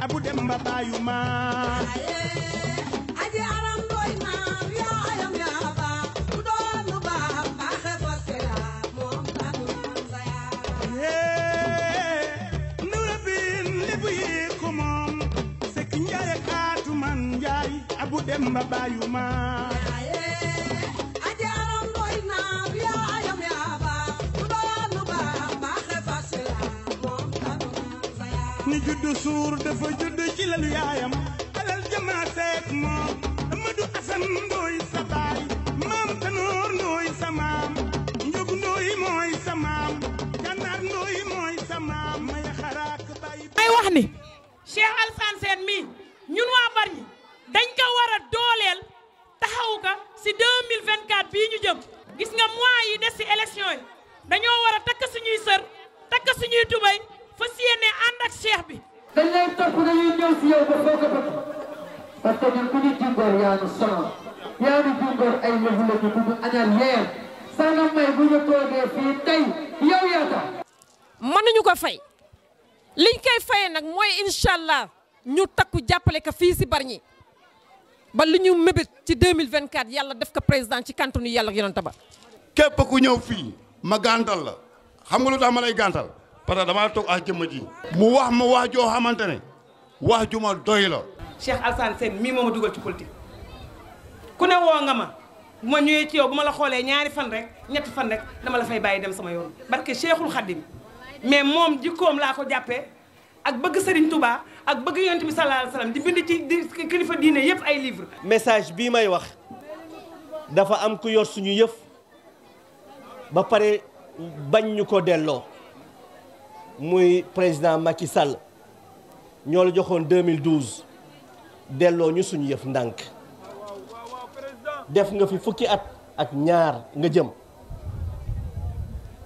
abu dem ba baayu ma aji aram boy ma yaayam yaa ba ku doonu ba baaxe bosse la moom la du saya hee nura bin libu yi ko moom sekk njaay kaatu man njaay abu dem ba baayu ma ñi judd suur dafa judd ci lalu yaayam alal jamaa seet moom Amadou Assane Ndoy sa baay maam Tanoor Ndoy sa maam Njóg Ndoy mooy sa maam Gànnaar Ndoy mooy sa maam may xaraak bay may wax ni Cheikh Alassane Sène mii ñun waa Bargny dañ ko war a dooleel taxawu ko si 2024 bii ñu jëm gis nga mois des si élection yi dañoo war a takk suñuy sër takk suñuy tubay fas yéene ak bi. dañ lay topp dañuy ñëw si yow ba foog a bëgg parce que ku ñu jëngoor yaa ñu sonal yaa ñu jëngoor ay lëbu la ñu dugg anal yeer sanga may bu ñu toogee fii tey yow yaa tax. mënuñu ko fay liñ koy fayee nag mooy incha ñu takku jàppale ka fii si ñi ba lu ñu mébét ci 2024 yàlla def ko président ci kantanu yàlla ak yonent ba. képp ku ñëw fii ma gàntal la xam nga lu tax ma lay gàntal. parce que damaa toog ak jëmm ji. mu wax ma wax joo xamante ne wax juma ma doy la. Cheikh Alassane Sène mii moo a dugal ci politique ku ne woo nga ma bu ma ñëwee ci yow bu ma la xoolee ñaari fan rek ñetti fan rek dama la fay bàyyi dem sama yoon barke Cheikhul Khadim mais moom jikkoom laa ko jàppee. ak bëgg sëriñ Touba ak bëgg yonent bi sallallahu alayhi wasallam di bind ci di kilifa diine yëpp ay livre message bii may wax dafa am ku yor suñu yëf ba pare bañ ñu ko delloo muy président Macky Sall ñoo la joxoon 2012 delloo ñu suñu yëf ndànk def nga fi fukki at ak ñaar nga jëm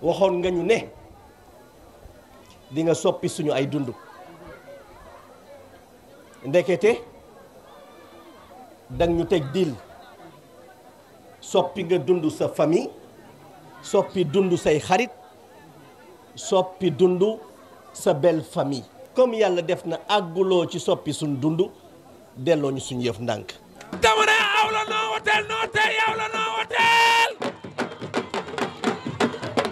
waxoon nga ñu ne di nga soppi suñu ay dund ndekete dang ñu teg dil soppi nga dund sa famille soppi dund say xarit soppi dund sa belle comme yàlla def na àgguloo ci soppi suñ dund delloo ñu suñu yëf ndànk dama ne aw la noo woteel noo teel yow la noo woteel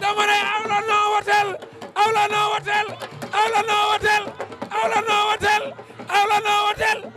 dama ne aw la noo woteel aw la noo woteel aw la noo woteel aw la noo woteel aw la noo woteel